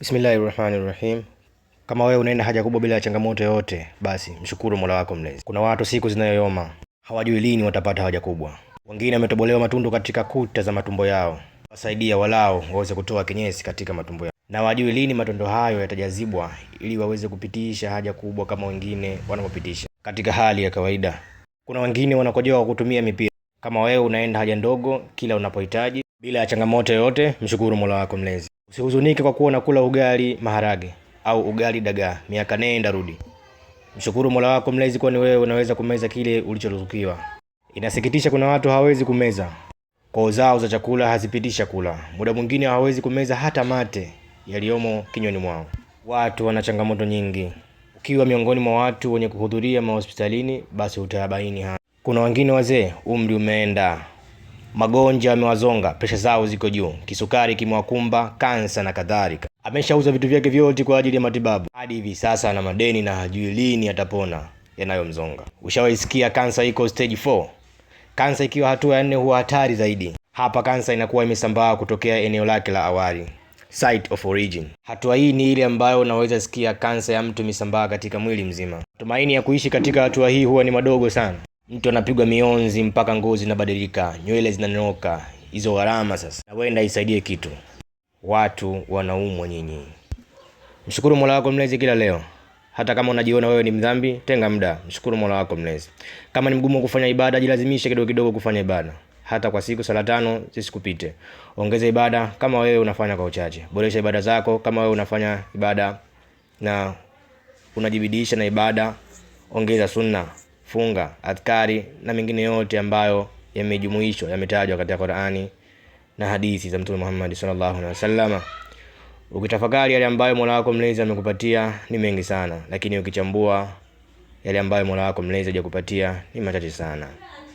Bismillahi rahmani rahim. Kama wewe unaenda haja kubwa bila ya changamoto yoyote, basi mshukuru mola wako mlezi. Kuna watu siku zinayoyoma hawajui lini watapata haja kubwa. Wengine wametobolewa matundu katika kuta za matumbo yao, wasaidia walao waweze kutoa kinyesi katika matumbo yao, na wajui lini matondo hayo yatajazibwa, ili waweze kupitisha haja kubwa kama wengine wanapopitisha katika hali ya kawaida. Kuna wengine wanakojoa kwa kutumia mipira. Kama wewe unaenda haja ndogo kila unapohitaji bila ya changamoto yoyote. Mshukuru Mola wako Mlezi. Usihuzunike kwa kuwa unakula ugali maharage au ugali dagaa miaka nenda rudi. Mshukuru Mola wako Mlezi, kwani wewe unaweza kumeza kile ulichoruzukiwa. Inasikitisha, kuna watu hawawezi kumeza koo zao za chakula hazipitisha kula, muda mwingine hawawezi kumeza hata mate yaliyomo kinywani mwao. Watu wana changamoto nyingi. Ukiwa miongoni mwa watu wenye kuhudhuria mahospitalini, basi utayabaini haya. Kuna wengine wazee, umri umeenda magonjwa yamewazonga, presha zao ziko juu, kisukari kimewakumba, kansa na kadhalika. Ameshauza vitu vyake vyote kwa ajili ya matibabu, hadi hivi sasa ana madeni na hajui lini atapona yanayomzonga. Ushawaisikia kansa iko stage 4? Kansa ikiwa hatua ya nne huwa hatari zaidi. Hapa kansa inakuwa imesambaa kutokea eneo lake la awali, site of origin. Hatua hii ni ile ambayo unaweza sikia kansa ya mtu imesambaa katika mwili mzima. Tumaini ya kuishi katika hatua hii huwa ni madogo sana. Mtu anapigwa mionzi mpaka ngozi inabadilika, nywele zinanoka. Hizo gharama sasa, na wenda isaidie kitu. Watu wanaumwa nyinyi. Mshukuru Mola wako mlezi kila leo. Hata kama unajiona wewe ni mdhambi, tenga muda, mshukuru Mola wako mlezi. Kama ni mgumu kufanya ibada, jilazimishe kidogo kidogo kufanya ibada, hata kwa siku sala tano zisikupite. Ongeza ibada kama wewe unafanya kwa uchache, boresha ibada zako kama wewe unafanya ibada na unajibidisha na ibada, ongeza sunna funga, adhkari na mengine yote ambayo yamejumuishwa yametajwa katika Qur'ani na hadithi za Mtume Muhammad sallallahu alaihi wasallam. Ukitafakari yale ambayo Mola wako mlezi amekupatia ni mengi sana, lakini ukichambua yale ambayo Mola wako mlezi hajakupatia ni machache sana.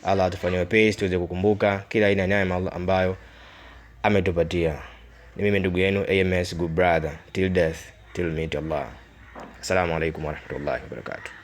Allah atufanyie wepesi tuweze kukumbuka kila aina ya neema ambayo ametupatia. Ni mimi ndugu yenu AMS Good Brother, till death till meet Allah. Assalamu alaikum warahmatullahi wabarakatuh.